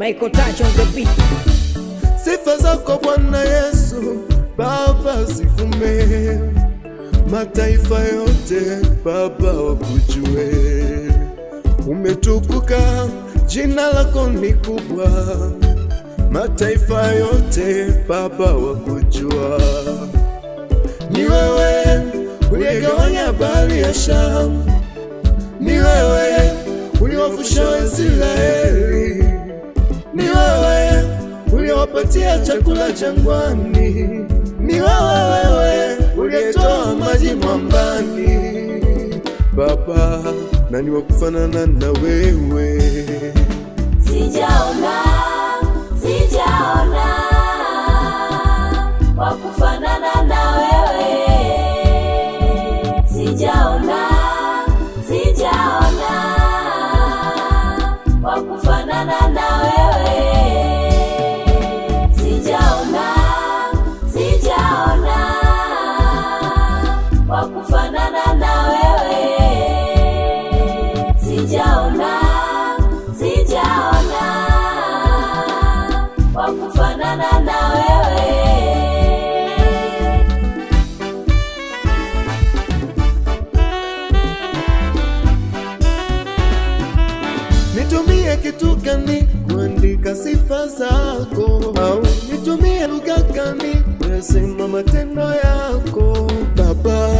Michael Touch on the beat. Sifa zako Bwana Yesu Baba zivume, mataifa yote Baba wakujue. Umetukuka, jina lako ni kubwa, mataifa yote Baba wakujua. Ni wewe uliyegawanya bahari ya Shamu, ni wewe uliwavusha Waisraeli wewe uliopatia chakula jangwani, ni wewe wewe uliyetoa maji mwambani. Baba, nani wa kufanana na wewe? Sijaona, sijaona katika sifa zako, au nitumie lugha kamili wesema matendo yako Baba,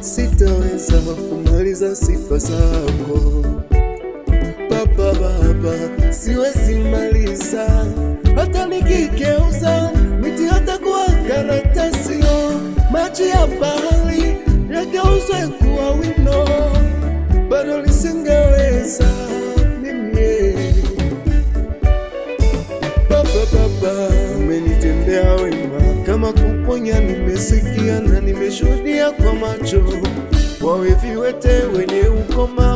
sitaweza kumaliza sifa zako Baba, Baba siwezi maliza hata nikikeuza nimeonya, nimesikia na nimeshuhudia kwa macho, wawe viwete wenye ukoma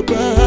around.